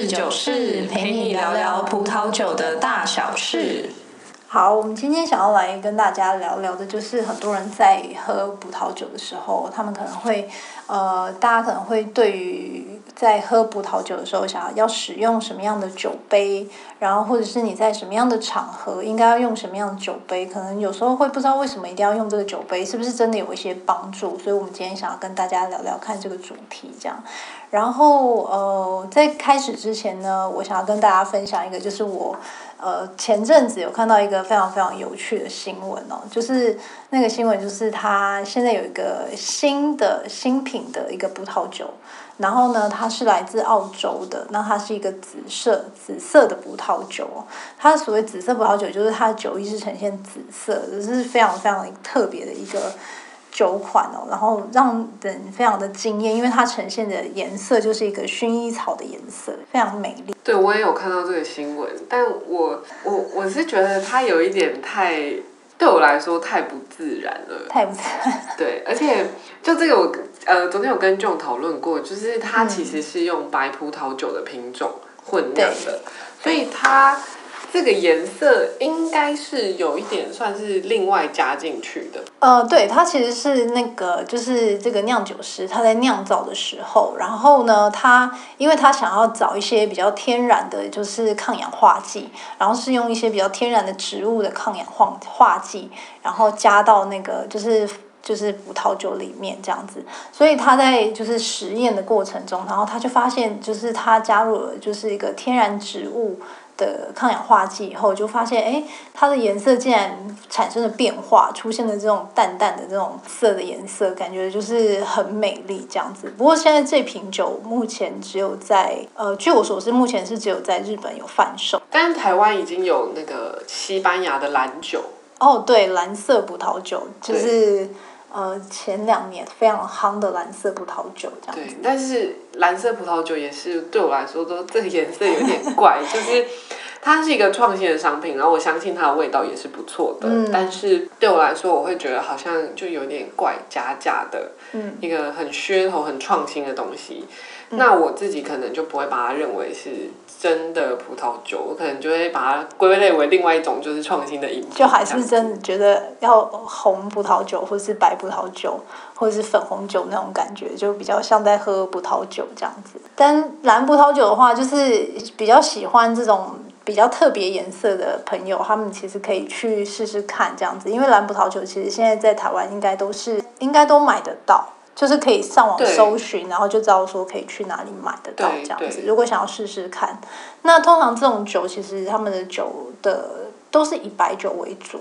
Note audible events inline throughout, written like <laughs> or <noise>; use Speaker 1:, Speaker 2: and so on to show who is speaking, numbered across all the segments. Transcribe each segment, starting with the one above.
Speaker 1: 是酒事，陪你聊聊葡萄酒的大小事。好，我們今天想要來跟大家聊聊的，就是很多人在喝葡萄酒的時候，他們可能會。呃，大家可能會對於在喝葡萄酒的時候，想要使用什麼樣的酒杯，然後或者是你在什麼樣的場合應該要用什麼樣的酒杯，可能有時候會不知道為什麼一定要用這個酒杯，是不是真的有一些幫助？所以，我們今天想要跟大家聊聊看這個主題，這樣。然後，呃，在開始之前呢，我想要跟大家分享一個，就是我呃前陣子有看到一個非常非常有趣的新聞哦，就是那個新聞就是它現在有一個新的新品。品的一個葡萄酒，然後呢，它是來自澳洲的，那它是一個紫色紫色的葡萄酒。它所謂紫色葡萄酒，就是它的酒液是呈現紫色，這、就是非常非常特別的一個酒款哦。然後讓人非常的驚豔，因為它呈現的顏色就是一個薰衣草的顏色，非常美
Speaker 2: 麗。對，我也有看到這個新聞，但我我我是覺得它有一點太對我來說太不自然了，太不自然。對，而且就這個我。呃，昨天有跟 John 討論過，就是它其實是用白葡萄酒的品種混釀的，嗯、對對。所以它這個顏色應該是有一點算是另外加進去的。
Speaker 1: 呃，對，它其實是那個就是這個釀酒師他在釀造的時候，然後呢，他因為他想要找一些比較天然的，就是抗氧化劑，然後是用一些比較天然的植物的抗氧化化劑，然後加到那個就是。就是葡萄酒裡面這樣子，所以他在就是實驗的過程中，然後他就發現，就是他加入了就是一個天然植物的抗氧化劑以後，就發現誒，它、欸、的顏色竟然產生了變化，出現了這種淡淡的這種色的顏色，感覺就是很美麗這樣子。不過現在這瓶酒目前只有在呃，據我所知，目前是只有在日本
Speaker 2: 有販售，但台灣已經有那個西班牙的藍酒
Speaker 1: 哦，對，藍色葡萄酒就是。呃，前兩年非常夯的藍色葡萄酒，這樣子。對，但
Speaker 2: 是藍色葡萄酒也是對我來說，都這個顏色有點怪， <laughs> 就是它是一個創新的商品，然後我相信它的味道也是不錯的。嗯。但是對我來說，我會覺得好像就有點怪，假假的，嗯，一個很噱頭、很創新的東西。那我自己可能就不會把它認為是真的葡萄酒，我可能就會把它歸類為另外一種就是創新的飲品。就還是
Speaker 1: 真的覺得要紅葡萄酒，或是白葡萄酒，或者是粉紅酒那種感覺，就比較像在喝葡萄酒這樣子。但藍葡萄酒的話，就是比較喜歡這種比較特別顏色的朋友，他們其實可以去試試看這樣子，因為藍葡萄酒其實現在在台灣應該都是應該都買得到。就是可以上網搜尋，對然後就知道說可以去哪裡買得到這樣子。如果想要試試看，那通常這種酒其實他們的酒的都是以白酒為主，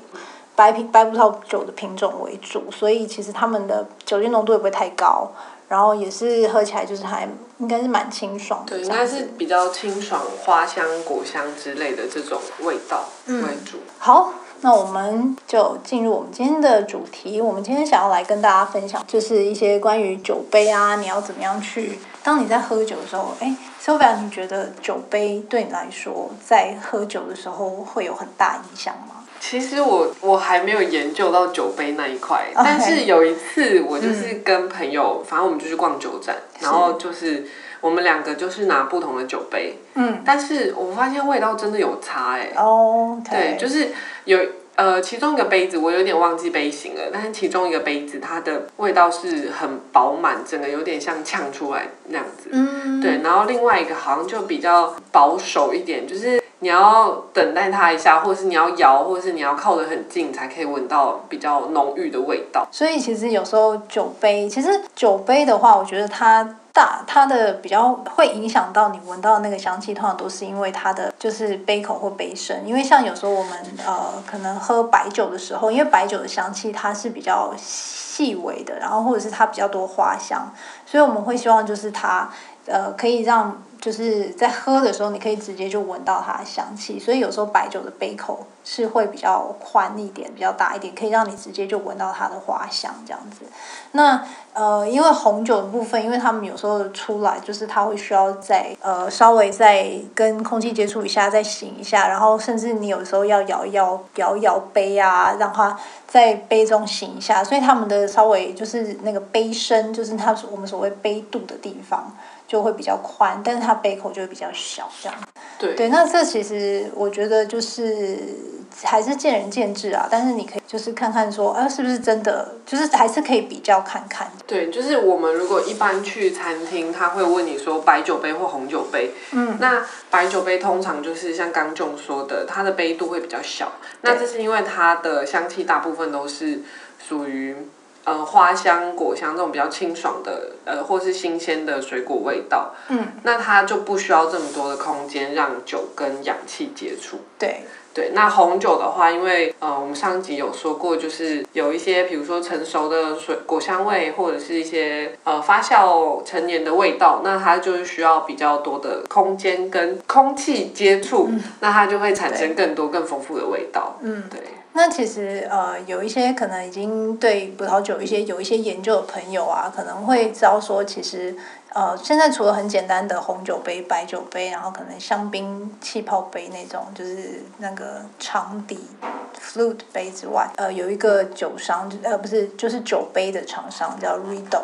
Speaker 1: 白品白葡萄酒的品種為主，所以其實他們的酒精濃度也不會太高，然後也是喝起來就是還應該是蠻清爽的這樣。對，應該是
Speaker 2: 比較清爽、花香、果香之類的這種味道、嗯、為
Speaker 1: 主。好。那我們就進入我們今天的主題。我們今天想要來跟大家分享，就是一些關於酒杯啊，你要怎麼樣去？當你在喝酒的時候，哎，Sophia，你覺得酒杯對你來說，在喝酒的時候會有很大影響嗎？
Speaker 2: 其實我我還沒有研究到酒杯那一塊，Okay. 但是有一次我就是跟朋友，嗯、反正我們就去逛酒展，是，然後就是。我們兩個就是拿不同的酒杯，嗯，但是我發現味道真的有差哎、欸、哦，Okay. 對，就是有呃其中一個杯子我有點忘記杯型了，但是其中一個杯子它的味道是很飽滿，整個有點像嗆出來那樣子，嗯，對，然後另外一個好像就比較保守一點，就是你要等待它一下，或是你要搖，或是你要靠得很近才可以聞到比較濃郁的味道。
Speaker 1: 所以其實有時候酒杯，其實酒杯的話，我覺得它。大它的比較會影響到你聞到的那個香氣，通常都是因為它的就是杯口或杯身，因為像有時候我們呃可能喝白酒的時候，因為白酒的香氣它是比較細微的，然後或者是它比較多花香，所以我們會希望就是它。呃，可以讓就是在喝的時候，你可以直接就聞到它的香氣。所以有時候白酒的杯口是會比較寬一點，比較大一點，可以讓你直接就聞到它的花香這樣子。那呃，因為紅酒的部分，因為他們有時候出來，就是它會需要再呃稍微再跟空氣接觸一下，再醒一下。然後甚至你有時候要搖一搖搖一搖杯啊，讓它在杯中醒一下。所以他們的稍微就是那個杯身，就是它我們所謂杯肚的地方。就會比較寬，但是它杯口就會比較小，這樣。對。對，那這其實我覺得就是還是見仁見智啊。但是你可以就是看看說，啊，是不是真的，就是還是可以比較看看。
Speaker 2: 對，就是我們如果一般去餐廳，他會問你說，白酒杯或紅酒杯。嗯。那白酒杯通常就是像剛中說的，它的杯度會比較小。對那這是因為它的香氣大部分都是屬於，呃，花香、果香這種比較清爽的，呃，或是新鮮的水果味道，嗯，那它就不需要這麼多的空間讓酒跟氧氣接觸，對，對。那紅酒的話，因為呃，我們上集有說過，就是有一些比如說成熟的水果香味，嗯，或者是一些呃發酵成年的味道，那它就是需要比較多的空間跟空氣接觸，嗯，那它就會產生更多更豐富的味道，嗯，
Speaker 1: 對。那其實呃，有一些可能已經對葡萄酒一些有一些研究的朋友啊，可能會知道說，其實呃，現在除了很簡單的紅酒杯、白酒杯，然後可能香檳氣泡杯那種，就是那個長底 flute 杯之外，呃，有一個酒商呃，不是就是酒杯的廠商叫 Riedel。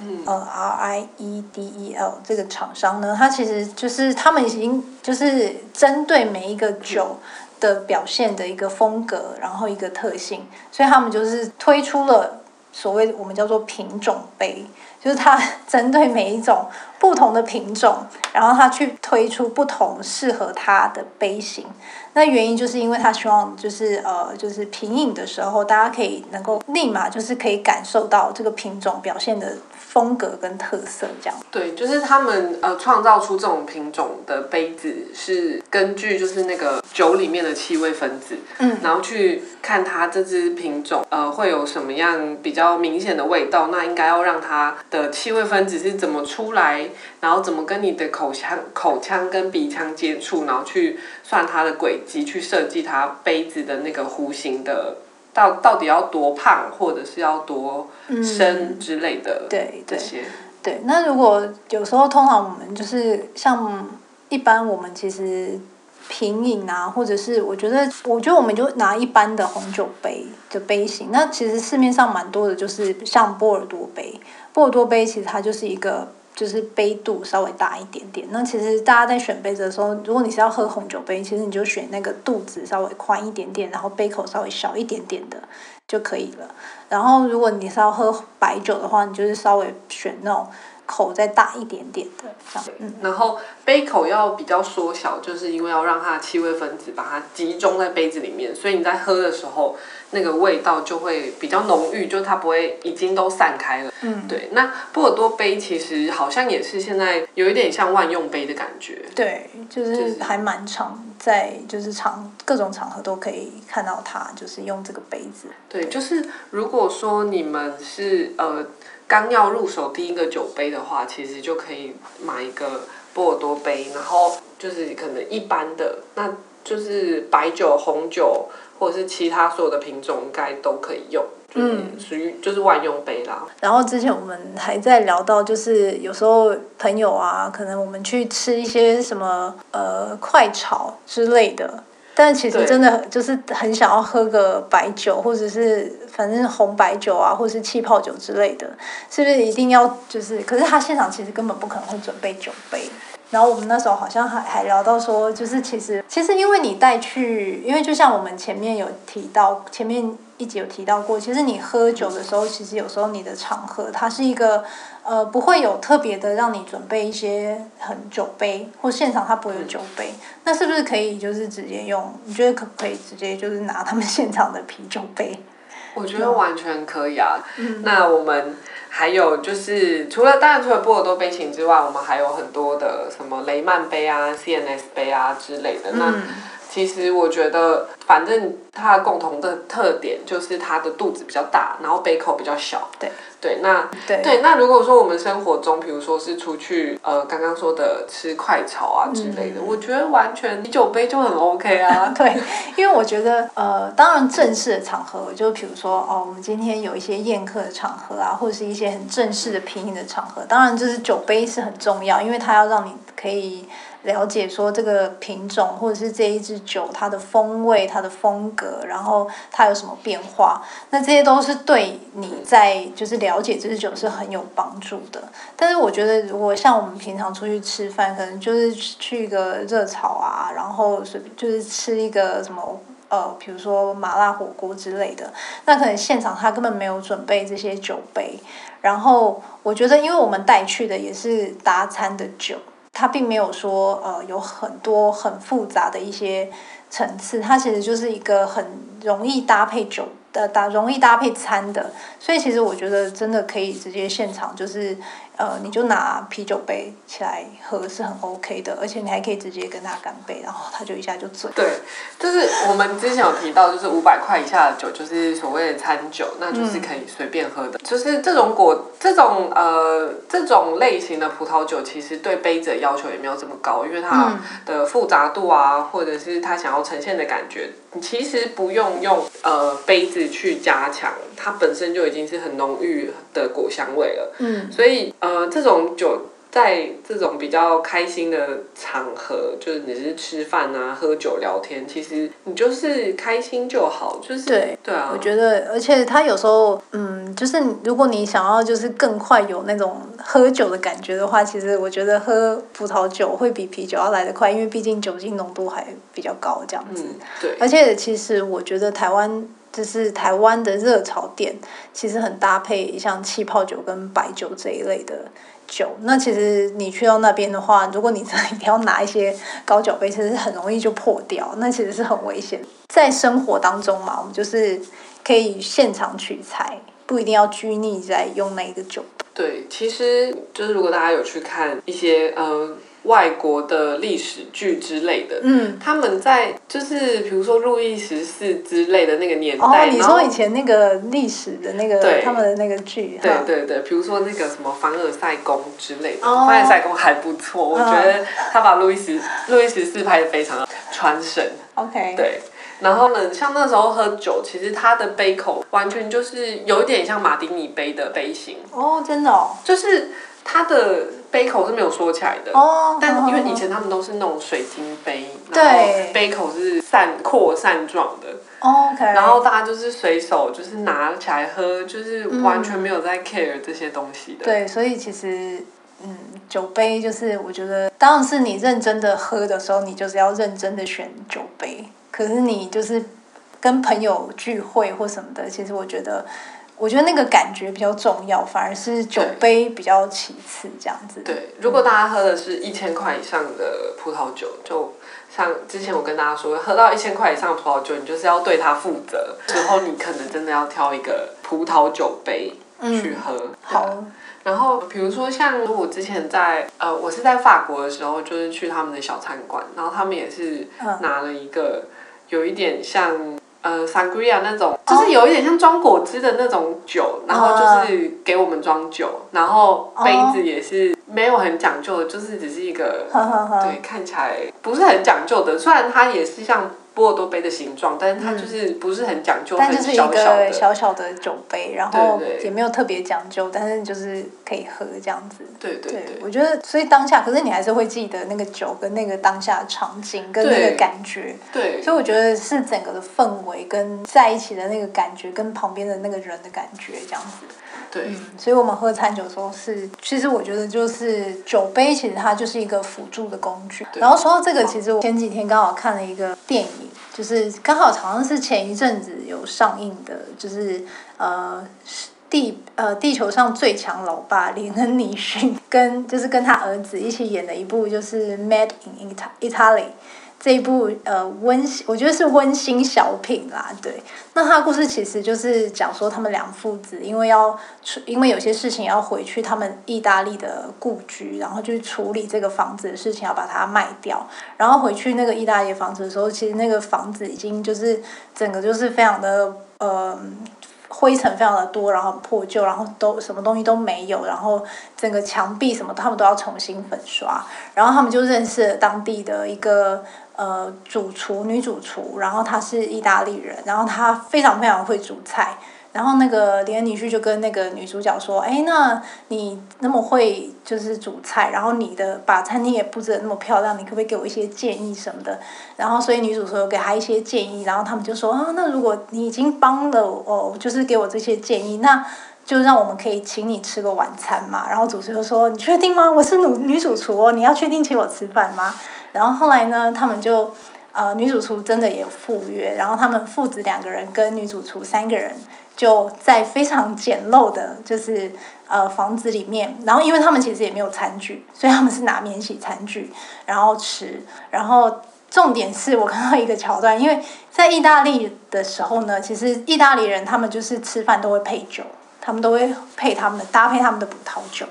Speaker 1: 嗯。呃，R I E D E L 這個廠商呢，它其實就是他們已經就是針對每一個酒。嗯的表現的一個風格，然後一個特性，所以他們就是推出了所謂我們叫做品種杯，就是它針對每一種不同的品種，然後它去推出不同適合它的杯型。那原因就是因為它希望就是呃，就是品飲的時候，大家可以能夠立馬就是可以感受到這個品種表現的。風格跟特色這樣對，
Speaker 2: 就是他們呃，創造出這種品種的杯子是根據就是那個酒裡面的氣味分子，嗯，然後去看它這支品種呃，會有什麼樣比較明顯的味道，那應該要讓它的氣味分子是怎麼出來，然後怎麼跟你的口腔、口腔跟鼻腔接觸，然後去算它的軌跡，去設計它杯子的那個弧形的。到到底要多胖，或者是要多深之類的、嗯、對對，這些。
Speaker 1: 對，那如果有時候通常我們就是像一般我們其實品飲啊，或者是我覺得，我覺得我們就拿一般的紅酒杯的杯型。那其實市面上蠻多的，就是像波爾多杯，波爾多杯其實它就是一個。就是杯肚稍微大一點點，那其實大家在選杯子的時候，如果你是要喝紅酒杯，其實你就選那個肚子稍微寬一點點，然後杯口稍微小一點點的就可以了。然後如果你是要喝白酒的話，你就是稍微選那種。口再大一點點的這樣，
Speaker 2: 對嗯、然後杯口要比較縮小，就是因為要讓它的氣味分子把它集中在杯子裡面，所以你在喝的時候，那個味道就會比較濃郁，就它不會已經都散開了。嗯，對。那波爾多杯其實好像也是現在有一點像萬用杯的感覺。
Speaker 1: 對，就是還蠻常在，就是常各種場合都可以看到它，就是用這
Speaker 2: 個杯子。對，對，就是如果說你們是呃。剛要入手第一個酒杯的話，其實就可以買一個波爾多杯，然後就是可能一般的，那就是白酒、紅酒或者是其他所有的品種，應該都可以用，就是、嗯，屬於就是萬用杯啦。
Speaker 1: 然後之前我們還在聊到，就是有時候朋友啊，可能我們去吃一些什麼，呃，快炒之類的。但其實真的很對就是很想要喝個白酒，或者是反正是紅白酒啊，或者是氣泡酒之類的，是不是一定要就是？可是他現場其實根本不可能會準備酒杯。然後我們那時候好像還還聊到說，就是其實其實因為你帶去，因為就像我們前面有提到，前面一集有提到過，其實你喝酒的時候，其實有時候你的場合它是一個，呃，不會有特別的讓你準備一些很酒杯或現場它不會有酒杯，嗯，
Speaker 2: 那是不是可以就是直接用？你
Speaker 1: 覺得可不可以直接就是拿他們現場的啤
Speaker 2: 酒杯？我覺得完全可以啊。嗯，那我們。還有就是，除了當然除了波爾多杯型之外，我們還有很多的什麼雷曼杯啊、CNS 杯啊之類的。那其實我覺得，反正它的共同的特點就是它的肚子比較大，然後杯口比較小。對。對，那對,對那如果說我們生活中，比如說是出去呃，剛剛說的吃快炒啊之類的，嗯、我覺得完全你酒杯就很 OK
Speaker 1: 啊。嗯、 <laughs> 對，因為我覺得呃，當然正式的場合，就比如說哦，我們今天有一些宴客的場合啊，或是一些很正式的、品飲的場合，當然就是酒杯是很重要，因為它要讓你可以。了解說這個品種或者是這一支酒它的風味、它的風格，然後它有什麼變化，那這些都是對你在就是了解這支酒是很有幫助的。但是我覺得，如果像我們平常出去吃飯，可能就是去一個熱炒啊，然後是就是吃一個什麼呃，比如說麻辣火鍋之類的，那可能現場他根本沒有準備這些酒杯。然後我覺得，因為我們帶去的也是搭餐的酒。它並沒有說，呃，有很多很複雜的一些層次，它其實就是一個很容易搭配酒。打，打容易搭配餐的，所以其實我覺得真的可以直接現場就是，呃，你就拿啤酒杯起來喝是很 OK 的，而且你還可以直接跟他乾杯，然後他就一下就醉。
Speaker 2: 對，就是我們之前有提到，就是五百塊以下的酒就是所謂的餐酒，那就是可以隨便喝的。嗯、就是這種果，這種呃，這種類型的葡萄酒，其實對杯子的要求也沒有這麼高，因為它的複雜度啊，嗯、或者是它想要呈現的感覺。其實不用用呃杯子，去加強，它本身就已經是很濃郁的果香味了。嗯，所以呃這種酒。在這種比較開心的場合，就是你是吃飯啊、喝酒聊天，其實你就是開心就好。就是，對，對啊，我覺
Speaker 1: 得，而且他有時候，嗯，就是如果你想要就是更快有那種喝酒的感覺的話，其實我覺得喝葡萄酒會比啤酒要來得快，因為畢竟酒精濃度還比較高，這樣子。嗯，對。而且，其實我覺得台灣。就是台灣的熱炒店，其實很搭配像氣泡酒跟白酒這一類的酒。那其實你去到那邊的話，如果你真的一定要拿一些高腳杯，其實很容易就破掉，那其實是很危險。在生活當中嘛，我們就是可以現場取材，不一定要拘泥在用那個酒。
Speaker 2: 對，其實就是如果大家有去看一些嗯、呃外國的歷史劇之類的，嗯，他們在就是比如說路易十四之類的那個年代，哦、你說以
Speaker 1: 前那個歷史的那個後對他們的那個劇，對
Speaker 2: 對對，比如說那個什麼凡爾賽宮之類的，哦、凡爾賽宮還不錯，哦、我覺得他把路易十 <laughs> 路易十四拍的非常的傳神，OK，對，然後呢，像那時候喝酒，其實他的杯口完全就是有一點像馬丁尼杯的杯型，哦，真的、哦，就是他的。杯口是沒有縮起來的，oh, 但因為以前他們都是那種水晶杯，oh, oh, oh. 然後杯口是散擴散狀的。
Speaker 1: O、oh, K，okay. 然後大
Speaker 2: 家就是隨手就是拿起來喝，就是完全沒有在 care 這些東西的。嗯、對，所以
Speaker 1: 其實嗯，酒杯就是我覺得，當然是你認真的喝的時候，你就是要認真的選酒杯。可是你就是跟朋友聚會或什麼的，其實我覺得。我覺得那個感覺比較重要，反而是，是酒杯比較其次，這樣子。對，如果大
Speaker 2: 家喝的是一千塊以上的葡萄酒，就像之前我跟大家說，喝到一千塊以上的葡萄酒，你就是要對它負責，然後你可能真的要挑一個葡萄酒杯去喝。嗯、好，然後比如說像我之前在呃，我是在法國的時候，就是去他們的小餐館，然後他們也是拿了一個、嗯、有一點像。呃，Sangria 那種，就是有一點像裝果汁的那種酒，oh. 然後就是給我們裝酒，oh. 然後杯子也是沒有很講究的，就是只是一個，oh. Oh. Oh. 對，看起來不是很講究的，雖然它也是像。波爾多杯的形狀，但是它就是不是很講究，嗯、很小小的。但就是一個小
Speaker 1: 小的酒杯，然後也沒有特別講究，對對，但是就是可以喝這樣子。對對對，對，我覺得所以當下，可是你還是會記得那個酒跟那個當下的場景跟那個感覺。對，對。所以我覺得是整個的氛圍跟在一起的那個感覺跟旁邊的那個人的感覺這樣子。對、嗯，所以我們喝餐酒的時候是，其實我覺得就是酒杯，其實它就是一個輔助的工具。對然後說到這個，其實我前幾天剛好看了一個電影，就是剛好好像是前一陣子有上映的，就是呃地呃地球上最強老爸連恩尼遜跟就是跟他兒子一起演的一部，就是《Made in Italy》。這一部呃溫馨，我覺得是溫馨小品啦。對，那他的故事其實就是講說他們兩父子因為要，因為有些事情要回去他們意大利的故居，然後就去處理這個房子的事情，要把它賣掉。然後回去那個意大利的房子的時候，其實那個房子已經就是整個就是非常的呃灰塵非常的多，然後破舊，然後都什麼東西都沒有，然後整個牆壁什麼他們都要重新粉刷。然後他們就認識了當地的一個。呃，主廚女主廚，然後她是意大利人，然後她非常非常會煮菜。然後那個連女婿就跟那個女主角說：“哎，那你那麼會就是煮菜，然後你的把餐廳也布置得那麼漂亮，你可不可以給我一些建議什麼的？”然後所以女主說給她一些建議，然後他們就說：“啊，那如果你已經幫了我、哦，就是給我這些建議，那就讓我們可以請你吃個晚餐嘛。”然後主廚就說：“你確定嗎？我是女女主廚、哦，你要確定請我吃飯嗎？”然後後來呢，他們就呃，女主廚真的也赴約。然後他們父子兩個人跟女主廚三個人就在非常簡陋的，就是呃房子裡面。然後因為他們其實也沒有餐具，所以他們是拿免洗餐具然後吃。然後重點是我看到一個橋段，因為在意大利的時候呢，其實意大利人他們就是吃飯都會配酒，他們都會配他們的搭配他們的葡萄酒。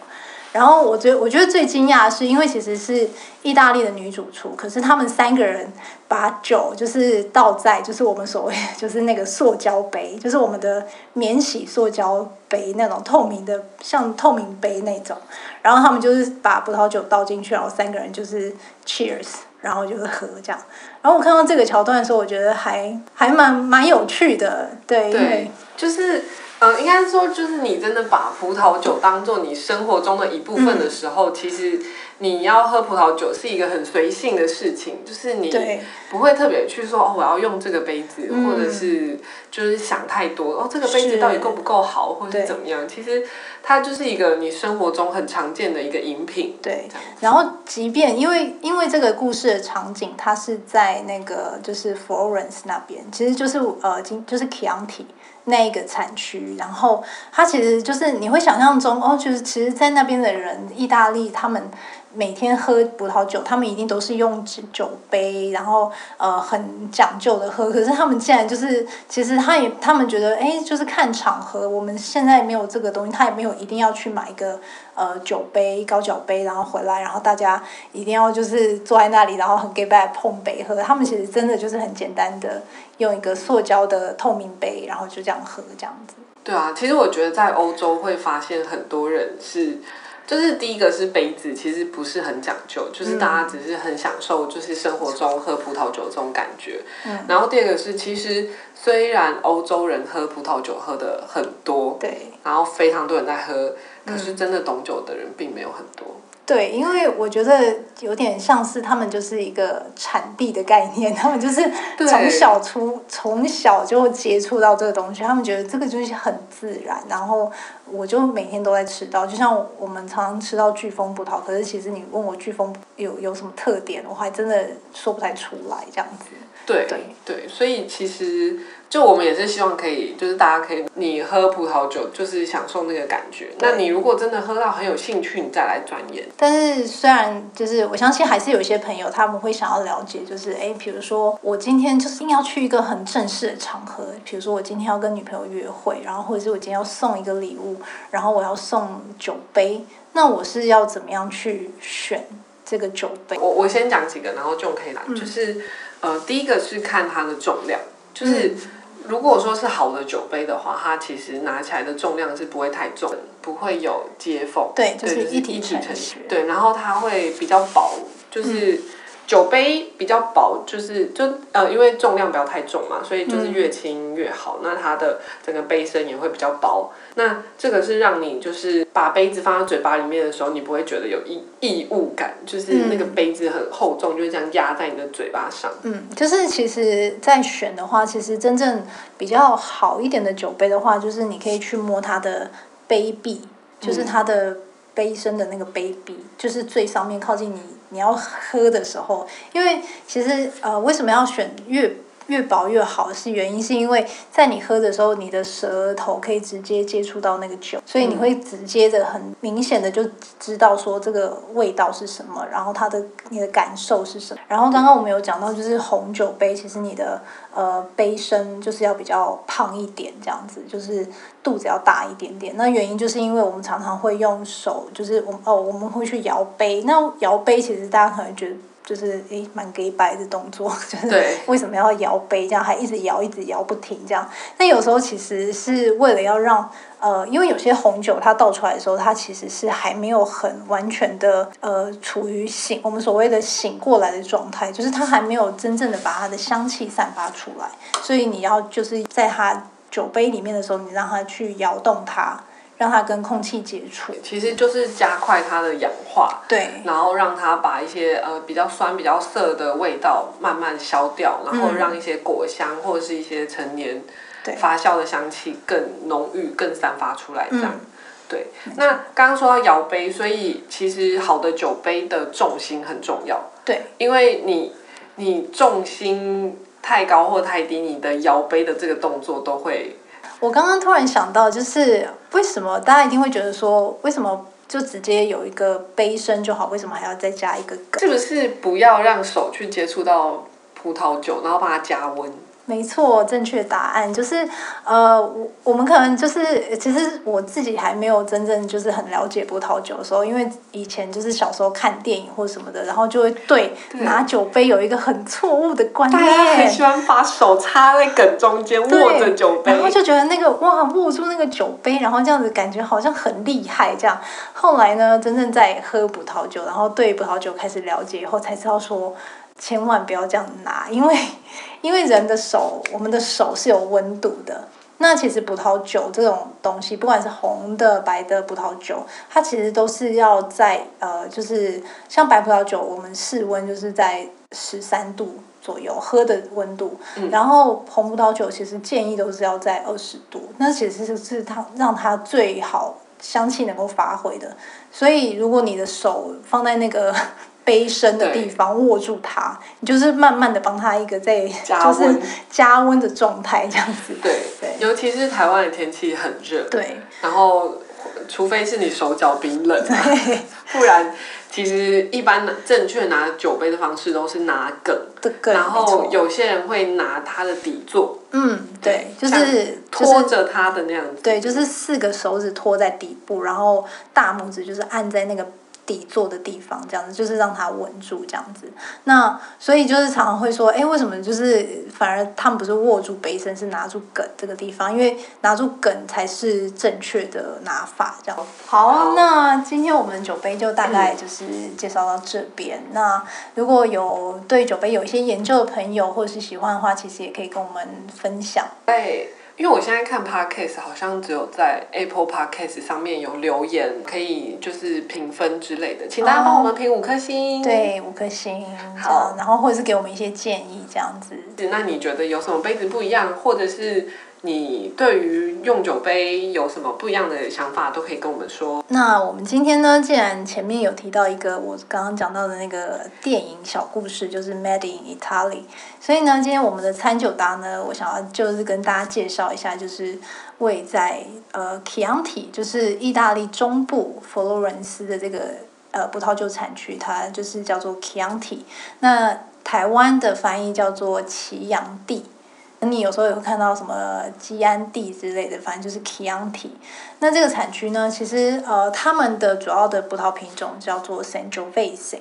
Speaker 1: 然後我覺得我覺得最驚訝的是，因為其實是意大利的女主廚，可是他們三個人把酒就是倒在就是我們所謂就是那個塑膠杯，就是我們的免洗塑膠杯那種透明的，像透明杯那種。然後他們就是把葡萄酒倒進去，然後三個人就是 cheers，然後就是喝這樣。然後我看到這個橋段的時候，我覺得還還蠻蠻有趣的，對，因為
Speaker 2: 對就是。嗯，應該說就是你真的把葡萄酒當做你生活中的一部分的時候，嗯、其實你要喝葡萄酒是一個很隨性的事情，嗯、就是你不會特別去說對哦，我要用這個杯子，嗯、或者是就是想太多哦，這個杯子到底夠不夠好，是或者怎麼樣？對其實它就是一個你生活中很常見的一個飲品，對。
Speaker 1: 對然後，即便因為因為這個故事的場景，它是在那個就是 Florence 那邊，其實就是呃，今就是 Chianti 那一個產區，然後它其實就是你會想象中哦，就是其實，在那邊的人，意大利他們。每天喝葡萄酒，他們一定都是用酒杯，然後呃很講究的喝。可是他們既然，就是，其實他也他們覺得，哎，就是看場合。我們現在沒有這個東西，他也沒有一定要去買一個呃酒杯高腳杯，然後回來，然後大家一定要就是坐在那裡，然後很給 u 碰杯喝。他們其實真的就是很簡單的，用一個塑膠的透明杯，然後就這樣喝這樣子。
Speaker 2: 對啊，其實我覺得在歐洲會發現很多人是。就是第一個是杯子，其實不是很講究，就是大家只是很享受，就是生活中喝葡萄酒這種感覺。嗯。然後第二個是，其實雖然歐洲人喝葡萄酒喝得很多，對，然後非常多人在喝，可是真的懂酒的人並沒有很多。
Speaker 1: 對，因為我覺得有點像是他們就是一個產地的概念，他們就是從小出，對，從小就接觸到這個東西，他們覺得這個就是很自然，然後。我就每天都在吃到，就像我們常常吃到巨峰葡萄，可是其實你問我巨峰有有什麼特點，我還真的說不
Speaker 2: 太出來這樣子。對對，對，所以其實就我們也是希望可以，就是大家可以你喝葡萄酒就是享受那個感覺。對那你如果真的喝到很有興趣，你再來鑽研。
Speaker 1: 但是雖然就是我相信還是有一些朋友他們會想要了解，就是哎，比如說我今天就是應該要去一個很正式的場合，比如說我今天要跟女朋友約會，然後或者是我今天要送一個禮物。然後我要送酒杯，那我是要怎麼樣去選這個酒
Speaker 2: 杯？我我先講幾個，然後就可以啦。嗯、就是，呃，第一個是看它的重量，就是，是如果說是好的酒杯的話，它其實拿起來的重量是不會太重，不會有接縫，對，就是一體、就是、一體成型，對，然後它會比較薄，就是。嗯酒杯比較薄，就是就呃，因為重量不要太重嘛，所以就是越輕越好。嗯、那它的整個杯身也會比較薄。那這個是讓你就是把杯子放在嘴巴裡面的時候，你不會覺得有異異物感，就是那個杯子很厚重，嗯、就這樣壓在你的嘴巴上。嗯，
Speaker 1: 就是其實，在選的話，其實真正比較好一點的酒杯的話，就是你可以去摸它的杯壁，就是它的杯身的那個杯壁，就是最上面靠近你。你要喝的時候，因為其實呃，為什麼要選越越薄越好？是原因是因為在你喝的時候，你的舌頭可以直接接觸到那個酒，所以你會直接的很明顯的就知道說這個味道是什麼，然後它的你的感受是什麼。然後剛剛我們有講到，就是紅酒杯，其實你的。呃，杯身就是要比較胖一點，這樣子，就是肚子要大一點點。那原因就是因為我們常常會用手，就是我們哦，我們會去搖杯。那搖杯其實大家可能覺得就是誒，蠻給一白的動作，就是為什麼要搖杯？這樣還一直搖一直搖不停這樣。那有時候其實是為了要讓。呃，因為有些紅酒它倒出來的時候，它其實是還沒有很完全的呃處於醒我們所謂的醒過來的狀態，就是它還沒有真正的把它的香氣散發出來，所以你要就是在它酒杯裡面的時候，你讓它去搖動它，讓它跟空氣接觸，其實就是
Speaker 2: 加快它的氧化，對，然後讓它把一些呃比較酸比較澀的味道慢慢消掉，然後讓一些果香、嗯、或者是一些陳年。對。發酵的香氣更濃郁、更散發出來這樣。嗯、對，嗯、那剛剛說到搖杯，所以其實好的酒杯的重心很重要。對，因為你你重心太高或太低，你的搖杯的這個動作都會。
Speaker 1: 我剛剛突然想到，就是為什麼大家一定會覺得說，為什麼就直接有一個杯身就好？為什麼還要再加一個
Speaker 2: 梗？是不是不要讓手去接觸到葡萄酒，然後把它加溫？
Speaker 1: 沒錯，正確答案就是，呃，我我們可能就是，其實我自己還沒有真正就是很了解葡萄酒的時候，因為以前就是小時候看電影或什麼的，然後就會對，對拿酒杯有一個很錯誤的觀念。很喜
Speaker 2: 歡把手插在梗中間，握着酒杯。然後就
Speaker 1: 覺得那個哇，握住那個酒杯，然後這樣子感覺好像很厲害這樣。後來呢，真正在喝葡萄酒，然後對葡萄酒開始了解以後，才知道說。千萬不要這樣拿，因為因為人的手，我們的手是有溫度的。那其實葡萄酒這種東西，不管是紅的、白的葡萄酒，它其實都是要在呃，就是像白葡萄酒，我們室溫就是在十三度左右喝的溫度。嗯、然後紅葡萄酒其實建議都是要在二十度，那其實就是是它讓它最好香氣能夠發揮的。所以如果你的手放在那個。杯身的地方握住它，你就是慢慢的幫他一個在就是加溫的狀態這樣子。對
Speaker 2: 對，尤其是台灣的天氣很熱。對。然後，除非是你手腳冰冷，不然其實一般正確拿酒杯的方式都是拿梗，
Speaker 1: 然後有
Speaker 2: 些人會拿它的底座。嗯，對，就
Speaker 1: 是托
Speaker 2: 着它的那樣子。
Speaker 1: 對，就是四個手指托在底部，然後大拇指就是按在那個。底座的地方，這樣子就是讓它穩住，這樣子。那所以就是常常會說，哎、欸，為什麼就是反而他們不是握住杯身，是拿住梗這個地方？因為拿住梗才是正確的拿法，這樣子。好，那今天我們酒杯就大概就是介紹到這邊。嗯、那如果有對酒杯有一些研究的朋友，或者是喜歡的話，其實也可以跟我們分享。
Speaker 2: 對、欸。因為我現在看 Podcast 好像只有在 Apple Podcast 上面有留言，可以就是評分之類的，請大家幫我
Speaker 1: 們評五顆星，哦、對，五顆星，好，然後或者是給我們一些
Speaker 2: 建議這樣子。那你覺得有什麼杯子不一樣，或者是？你對於用酒杯有什麼不一樣的想法，都可以跟我們說。
Speaker 1: 那我們今天呢，既然前面有提到一個我剛剛講到的那個電影小故事，就是《Made in Italy》，所以呢，今天我們的餐酒搭呢，我想要就是跟大家介紹一下，就是位在呃 Chianti 就是意大利中部佛羅倫斯的這個呃葡萄酒產區，它就是叫做 Chianti 那台灣的翻譯叫做奇揚地。你有時候也會看到什麼基安蒂之類的，反正就是 Chianti 那這個產區呢，其實呃，他們的主要的葡萄品種叫做 Sangiovese。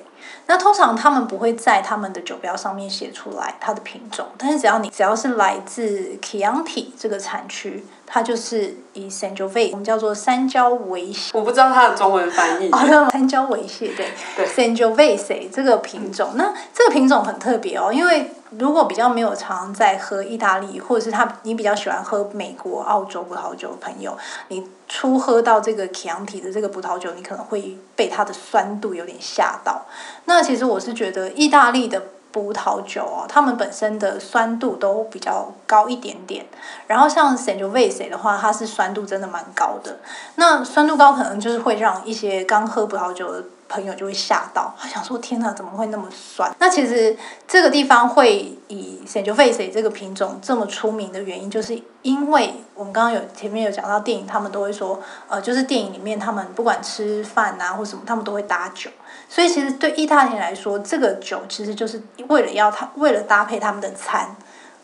Speaker 1: 那通常他們不會在他們的酒標上面寫出來它的品種，但是只要你只要是來自 Chianti 這個產區，它就是以 Sangiovese，我們叫做三焦維系。我不知道它
Speaker 2: 的中文翻譯。
Speaker 1: 三焦維系，對對 Sangiovese 這個品種， <laughs> 那這個品種很特別哦，因為。如果比較沒有常常在喝意大利，或者是他你比較喜歡喝美國、澳洲葡萄酒的朋友，你初喝到這個 Chianti 的這個葡萄酒，你可能會被它的酸度有點嚇到。那其實我是覺得意大利的葡萄酒哦、啊，他們本身的酸度都比較高一點點。然後像 Sangiovese 的話，它是酸度真的蠻高的。那酸度高可能就是會讓一些剛喝葡萄酒的。朋友就會嚇到，他想說：“天哪，怎麼會那麼酸？”那其實這個地方會以 Sangiovese 這個品種這麼出名的原因，就是因為我們剛剛有前面有講到電影，他們都會說，呃，就是電影裡面他們不管吃飯啊或什麼，他們都會搭酒。所以其實對意大利人來說，這個酒其實就是為了要他，為了搭配他們的餐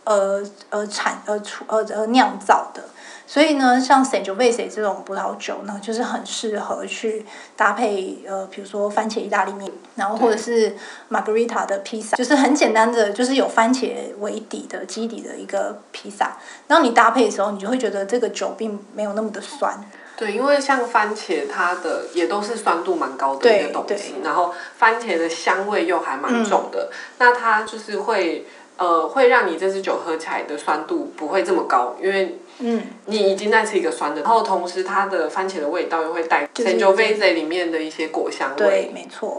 Speaker 1: 而而產而出而而釀造的。所以呢，像 Sangiovese 這種葡萄酒呢，就是很適合去搭配呃，比如說番茄意大利麵，然後或者是瑪格麗塔的披薩對，就是很簡單的，就是有番茄為底的基底的一個披薩。然後你搭配的時候，你就會覺得這個酒並沒有那麼的酸。
Speaker 2: 對，因為像番茄，它的也都是酸度蠻高的一個東西，然後番茄的香味又還蠻重的，嗯、那它就是會。呃，會讓你這支酒喝起來的酸度不會這麼高，因為，嗯，你已經在吃一個酸的，嗯、然後同時它的番茄的味道又會帶 Sangiovese 裡面的一些果香味，對，沒
Speaker 1: 錯。對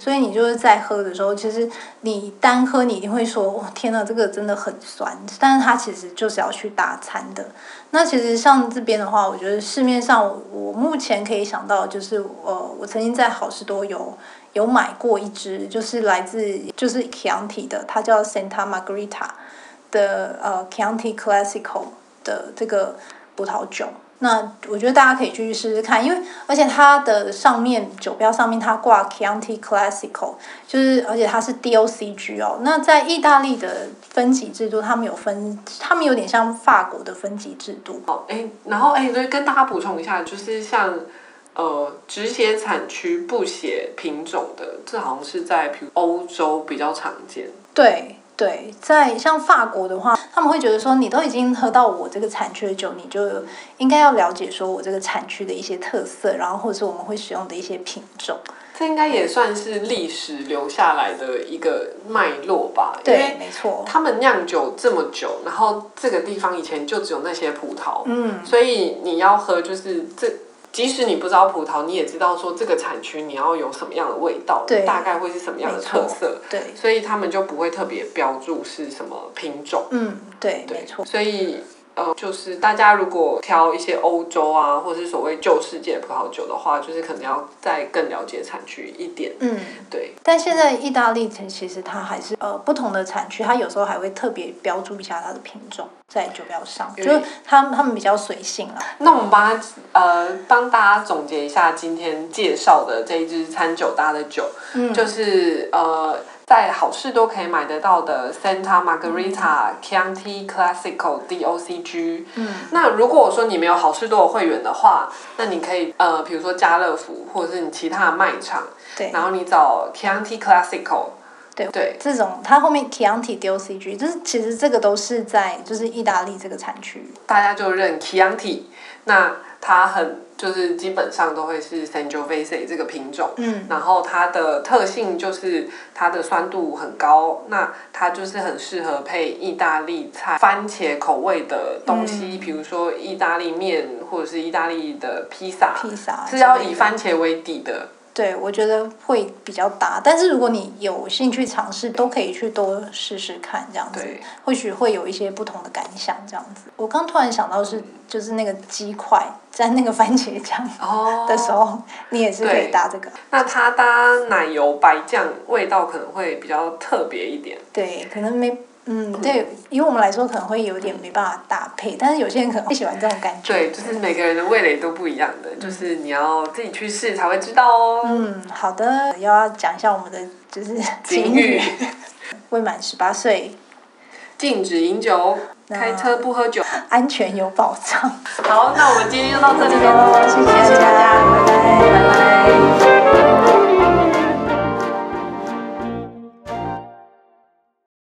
Speaker 1: 所以你就是在喝的時候，其實你單喝你一定會說，我、哦、天哪，這個真的很酸。但是它其實就是要去搭餐的。那其實像這邊的話，我覺得市面上我，我目前可以想到的就是，呃，我曾經在好事多有。有買過一支，就是來自就是 Chianti 的，它叫 Santa Margherita 的呃 Chianti Classico 的這個葡萄酒。那我覺得大家可以去試試看，因為而且它的上面酒標上面它掛 Chianti Classico，就是而且它是 DOCG 哦、喔。那在意大利的分級制度，他們有分，他們有點像法國的分級制度。
Speaker 2: 哦，哎，然後哎，對、欸，跟大家補充一下，就是像。呃，只寫產區不寫品種的，這好像是在歐洲比較常見。
Speaker 1: 對對，在像法國的話，他們會覺得說，你都已經喝到我這個產區的酒，你就應該要了解說我這個產區的一些特色，然後或者是我們會使用的一些品種。
Speaker 2: 這應該也算是歷史留下來的一個脈絡吧，對、嗯，沒錯，他們釀酒這麼久，然後這個地方以前就只有那些葡萄，嗯，所以你要喝就是這。即使你不知道葡萄，你也知道說這個產區你要有什麼樣的味道，對，大概會是什麼樣的特色，對，所以他們就不會特別標注是什麼品種。
Speaker 1: 嗯，對，對沒錯。
Speaker 2: 所以。呃，就是大家如果挑一些歐洲啊，或是所謂舊世界葡萄酒的話，就是可能要再更了解產區一點。嗯，對。
Speaker 1: 但現在意大利其實它還是呃不同的產區，它有時候還會特別標注一下它的品種在酒標上，為就是他們他們比較隨性啦。
Speaker 2: 那我們幫呃幫大家總結一下今天介紹的這一支餐酒搭的酒，嗯，就是呃。在好事多可以買得到的 Santa Margherita Chianti Classico DOCG。嗯。那如果說你沒有好事多的會員的話，那你可以呃，比如說家樂福或者是你其他的賣場。對。然後你找 Chianti Classico。對。對，這種它後面 Chianti
Speaker 1: DOCG，就是其實這個都是在就是意大利這個產區。
Speaker 2: 大家就認 Chianti，那它很。就是基本上都會是 Sangiovese 這個品種，嗯，然後它的特性就是它的酸度很高，那它就是很適合配意大利菜、番茄口味的東西，比、嗯、如說意大利麵或者是意大利的披薩，是要以番茄為底的。嗯
Speaker 1: 對，我覺得會比較搭，但是如果你有興趣嘗試，都可以去多試試看，這樣子對或許會有一些不同的感想。這樣子，我剛突然想到是，就是那個雞塊沾那個番茄醬的時候，oh, 你也是可以搭這個。
Speaker 2: 那它搭奶油白醬，味道可能會比較特別一點。
Speaker 1: 對，可能沒。嗯，對，以我們來說可能會有點沒辦法搭配，但是有些人可能會喜歡這種感覺。對，對就是每
Speaker 2: 個人的味蕾都不一樣的，就是你要自己去試才會知道
Speaker 1: 哦。嗯，好的。又要講一下我們的就是。警語、警語 <laughs> 未滿十八歲，禁止飲酒。那開車不喝酒，安全有保障。
Speaker 2: 好，那我們今天就到這裡嘍，謝謝大家，謝謝大家拜拜。拜拜。